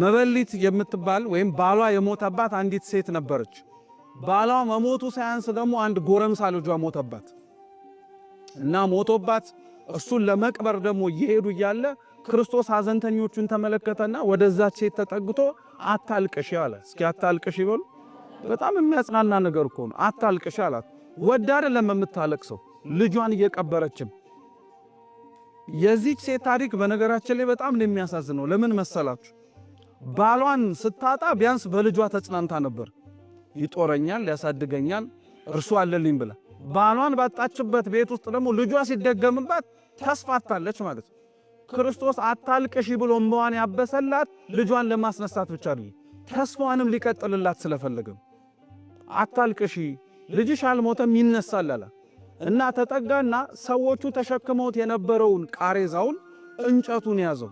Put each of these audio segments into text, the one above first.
መበሊት የምትባል ወይም ባሏ የሞተባት አንዲት ሴት ነበረች። ባሏ መሞቱ ሳያንስ ደግሞ አንድ ጎረምሳ ልጇ ሞተባት እና ሞቶባት እሱን ለመቅበር ደግሞ እየሄዱ እያለ ክርስቶስ ሐዘንተኞቹን ተመለከተና ወደዛች ሴት ተጠግቶ አታልቅሽ አለ። እስኪ አታልቅሽ ይበሉ። በጣም የሚያጽናና ነገር እኮ ነው። አታልቅሽ አላት። ወዳ አይደለም ሰው ልጇን እየቀበረችም። የዚች ሴት ታሪክ በነገራችን ላይ በጣም ነው የሚያሳዝነው። ለምን መሰላችሁ? ባሏን ስታጣ ቢያንስ በልጇ ተጽናንታ ነበር። ይጦረኛል፣ ያሳድገኛል፣ እርሱ አለልኝ ብላ ባሏን ባጣችበት ቤት ውስጥ ደግሞ ልጇ ሲደገምባት ተስፋ አታለች ማለት ነው። ክርስቶስ አታልቅሺ ብሎ እምባዋን ያበሰላት ልጇን ለማስነሳት ብቻ ነው። ተስፋዋንም ሊቀጥልላት ስለፈለገም አታልቅሺ፣ ልጅሽ አልሞተም ይነሳል እና ተጠጋና ሰዎቹ ተሸክመውት የነበረውን ቃሬዛውን እንጨቱን ያዘው።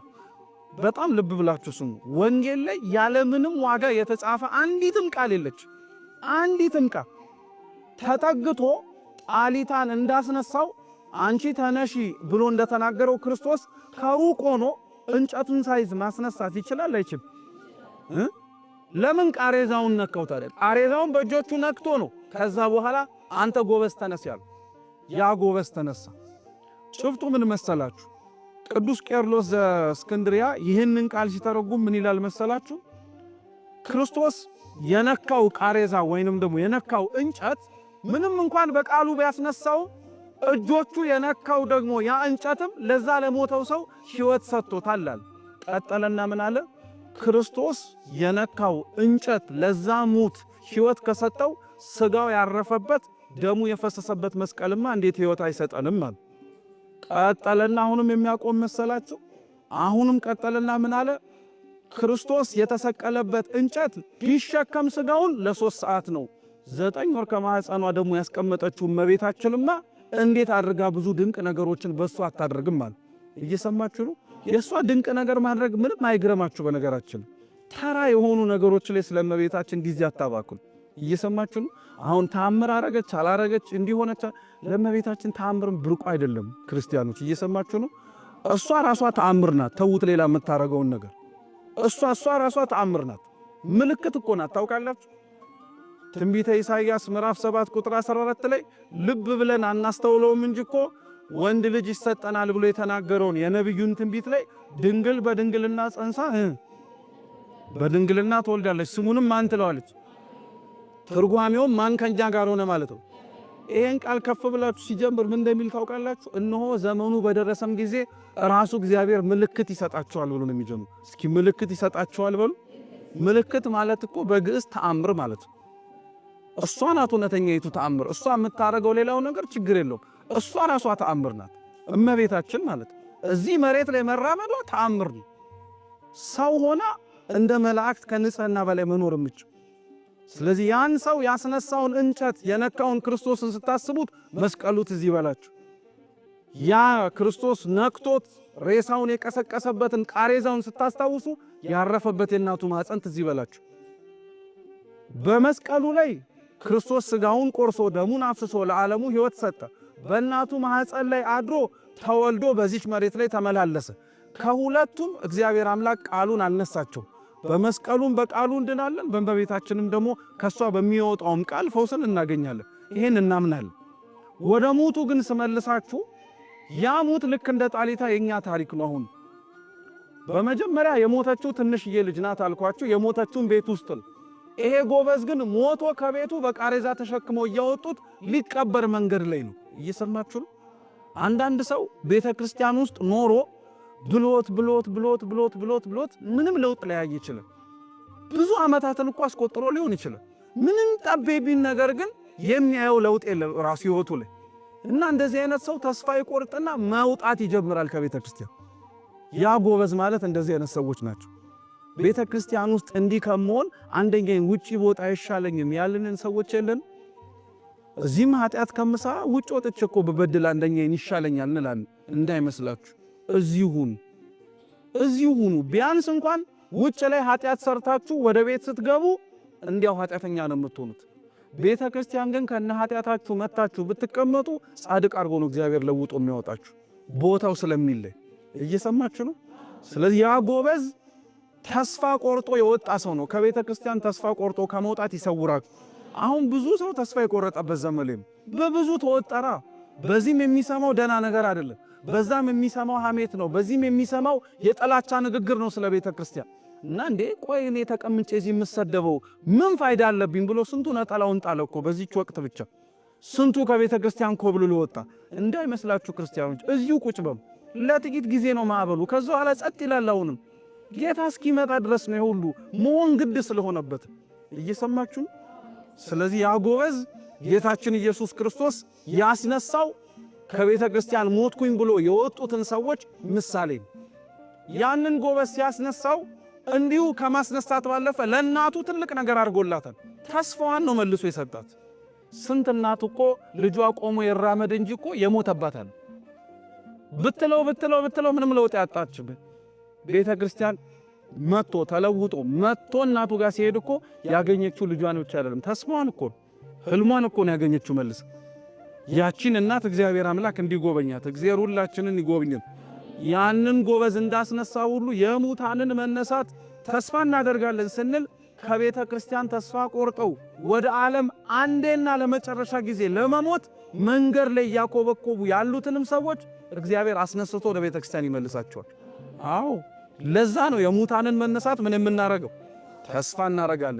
በጣም ልብ ብላችሁ ስሙ። ወንጌል ላይ ያለምንም ዋጋ የተጻፈ አንዲትም ቃል የለች። አንዲትም ቃል ተጠግቶ ጣሊታን እንዳስነሳው አንቺ ተነሺ ብሎ እንደተናገረው ክርስቶስ ከሩቅ ሆኖ እንጨቱን ሳይዝ ማስነሳት ይችላል አይችልም? ለምን ቃሬዛውን ነካው ታዲያ? ቃሬዛውን በእጆቹ ነክቶ ነው። ከዛ በኋላ አንተ ጎበዝ ተነስ ያሉ፣ ያ ጎበዝ ተነሳ። ጭብጡ ምን መሰላችሁ? ቅዱስ ቄርሎስ ዘእስክንድርያ ይህንን ቃል ሲተረጉም ምን ይላል መሰላችሁ? ክርስቶስ የነካው ቃሬዛ ወይንም ደግሞ የነካው እንጨት ምንም እንኳን በቃሉ ቢያስነሳው እጆቹ የነካው ደግሞ ያ እንጨትም ለዛ ለሞተው ሰው ሕይወት ሰጥቶታል። ቀጠለና ምን አለ? ክርስቶስ የነካው እንጨት ለዛ ሙት ሕይወት ከሰጠው ስጋው ያረፈበት ደሙ የፈሰሰበት መስቀልማ እንዴት ሕይወት አይሰጠንም? ቀጠለና አሁንም የሚያቆም መሰላችሁ? አሁንም ቀጠለና ምን አለ? ክርስቶስ የተሰቀለበት እንጨት ቢሸከም ስጋውን ለሶስት ሰዓት ነው። ዘጠኝ ወር ከማህፀኗ ደግሞ ያስቀመጠችው እመቤታችንማ እንዴት አድርጋ ብዙ ድንቅ ነገሮችን በእሷ አታደርግም አለ። እየሰማችሁ ነው። የእሷ ድንቅ ነገር ማድረግ ምንም አይግረማችሁ። በነገራችን ተራ የሆኑ ነገሮች ላይ ስለ እመቤታችን ጊዜ አታባክሉ። እየሰማችሁ ነው። አሁን ታምር አረገች አላረገች እንዲሆነች ለመቤታችን ታምርም ብርቁ አይደለም። ክርስቲያኖች እየሰማችሁ ነው። እሷ ራሷ ተአምር ናት። ተዉት ሌላ የምታረገውን ነገር እሷ እሷ ራሷ ተአምር ናት። ምልክት እኮ ናት። ታውቃላችሁ ትንቢተ ኢሳይያስ ምዕራፍ 7 ቁጥር 14 ላይ ልብ ብለን አናስተውለውም እንጂ እኮ ወንድ ልጅ ይሰጠናል ብሎ የተናገረውን የነቢዩን ትንቢት ላይ ድንግል በድንግልና ጸንሳ በድንግልና ትወልዳለች ስሙንም ማን ትለዋለች? ትርጓሜውም ከእኛ ጋር ሆነ ማለት ነው። ይሄን ቃል ከፍ ብላችሁ ሲጀምር ምን እንደሚል ታውቃላችሁ? እነሆ ዘመኑ በደረሰም ጊዜ ራሱ እግዚአብሔር ምልክት ይሰጣችኋል ብሎ ነው የሚጀምሩ። እስኪ ምልክት ይሰጣችኋል በሉ። ምልክት ማለት እኮ በግዕዝ ተአምር ማለት ነው። እሷ ናት እውነተኛይቱ ተአምር። እሷ የምታደርገው ሌላው ነገር ችግር የለውም። እሷ ራሷ ተአምር ናት፣ እመቤታችን ማለት እዚህ መሬት ላይ መራመዷ ተአምር ነው። ሰው ሆና እንደ መላእክት ከንጽህና በላይ መኖር የምችል ስለዚህ ያን ሰው ያስነሳውን እንጨት የነካውን ክርስቶስን ስታስቡት መስቀሉ እዚህ ይበላችሁ። ያ ክርስቶስ ነክቶት ሬሳውን የቀሰቀሰበትን ቃሬዛውን ስታስታውሱ ያረፈበት የእናቱ ማፀን እዚህ ይበላችሁ። በመስቀሉ ላይ ክርስቶስ ስጋውን ቆርሶ ደሙን አፍስሶ ለዓለሙ ሕይወት ሰጠ። በእናቱ ማህፀን ላይ አድሮ ተወልዶ በዚች መሬት ላይ ተመላለሰ። ከሁለቱም እግዚአብሔር አምላክ ቃሉን አልነሳቸው። በመስቀሉም በቃሉ እንድናለን፣ በእመቤታችንም ደግሞ ከእሷ በሚወጣውም ቃል ፈውስን እናገኛለን። ይሄን እናምናለን። ወደ ሙቱ ግን ስመልሳችሁ ያ ሙት ልክ እንደ ጣሊታ የእኛ ታሪክ ነው። አሁን በመጀመሪያ የሞተችው ትንሽዬ ልጅ ናት አልኳችሁ። የሞተችውን ቤት ውስጥ ነው። ይሄ ጎበዝ ግን ሞቶ ከቤቱ በቃሬዛ ተሸክመው እያወጡት ሊቀበር መንገድ ላይ ነው። እየሰማችሁ ነው። አንዳንድ ሰው ቤተ ክርስቲያን ውስጥ ኖሮ ብሎት ብሎት ብሎት ብሎት ብሎት ብሎት ምንም ለውጥ ላያይ ይችላል። ብዙ ዓመታትን እኮ አስቆጥሮ ሊሆን ይችላል። ምንም ጠብ ነገር ግን የሚያየው ለውጥ የለም ራሱ ህይወቱ ላይ እና እንደዚህ አይነት ሰው ተስፋ ይቆርጥና መውጣት ይጀምራል ከቤተ ክርስቲያን። ያ ጎበዝ ማለት እንደዚህ አይነት ሰዎች ናቸው። ቤተ ክርስቲያን ውስጥ እንዲህ ከመሆን አንደኛ ውጪ ቦታ አይሻለኝም ያልንን ሰዎች የለን። እዚህም ኃጢአት ከምሳ ውጭ ወጥቼ እኮ በበድል አንደኛ ይሻለኛል እንላለን። እንዳይመስላችሁ እዚሁ ሁኑ፣ እዚሁ ሁኑ። ቢያንስ እንኳን ውጭ ላይ ኃጢአት ሰርታችሁ ወደ ቤት ስትገቡ እንዲያው ኃጢአተኛ ነው የምትሆኑት። ቤተ ክርስቲያን ግን ከነ ኃጢአታችሁ መታችሁ ብትቀመጡ ጻድቅ አድርጎ ነው እግዚአብሔር ለውጦ የሚያወጣችሁ ቦታው ስለሚለይ። እየሰማችሁ ነው። ስለዚህ ያ ጎበዝ ተስፋ ቆርጦ የወጣ ሰው ነው። ከቤተ ክርስቲያን ተስፋ ቆርጦ ከመውጣት ይሰውራችሁ። አሁን ብዙ ሰው ተስፋ የቆረጠበት ዘመን በብዙ ተወጠራ። በዚህም የሚሰማው ደህና ነገር አይደለም። በዛም የሚሰማው ሐሜት ነው፣ በዚህም የሚሰማው የጠላቻ ንግግር ነው ስለ ቤተ ክርስቲያን እና እንዴ ቆይ እኔ ተቀምጬ እዚህ የምሰደበው ምን ፋይዳ አለብኝ ብሎ ስንቱ ነጠላውን ጣለ እኮ በዚች ወቅት ብቻ ስንቱ ከቤተ ክርስቲያን ኮብልሎ ወጣ። እንዳይመስላችሁ ክርስቲያኖች፣ እዚሁ ቁጭ በሉ። ለጥቂት ጊዜ ነው ማዕበሉ፣ ከዚ በኋላ ጸጥ ይላል። አሁንም ጌታ እስኪመጣ ድረስ ነው ሁሉ መሆን ግድ ስለሆነበት እየሰማችሁ። ስለዚህ ያጎበዝ ጌታችን ኢየሱስ ክርስቶስ ያስነሳው ከቤተ ክርስቲያን ሞትኩኝ ብሎ የወጡትን ሰዎች ምሳሌ ያንን ጎበዝ ሲያስነሳው እንዲሁ ከማስነሳት ባለፈ ለእናቱ ትልቅ ነገር አድርጎላታል። ተስፋዋን ነው መልሶ የሰጣት። ስንት እናት እኮ ልጇ ቆሞ የራመድ እንጂ እኮ የሞተባታል። ብትለው ብትለው ብትለው ምንም ለውጥ ያጣችብን ቤተ ክርስቲያን መጥቶ ተለውጦ መጥቶ እናቱ ጋር ሲሄድ እኮ ያገኘችው ልጇን ብቻ አይደለም ተስፋዋን እኮ ህልሟን እኮ ነው ያገኘችው መልስ ያቺን እናት እግዚአብሔር አምላክ እንዲጎበኛት እግዚአብሔር ሁላችንን ይጎብኝን። ያንን ጎበዝ እንዳስነሳ ሁሉ የሙታንን መነሳት ተስፋ እናደርጋለን ስንል ከቤተ ክርስቲያን ተስፋ ቆርጠው ወደ ዓለም አንዴና ለመጨረሻ ጊዜ ለመሞት መንገድ ላይ እያኮበኮቡ ያሉትንም ሰዎች እግዚአብሔር አስነስቶ ወደ ቤተ ክርስቲያን ይመልሳቸዋል። አዎ ለዛ ነው የሙታንን መነሳት ምን የምናረገው ተስፋ እናረጋለን።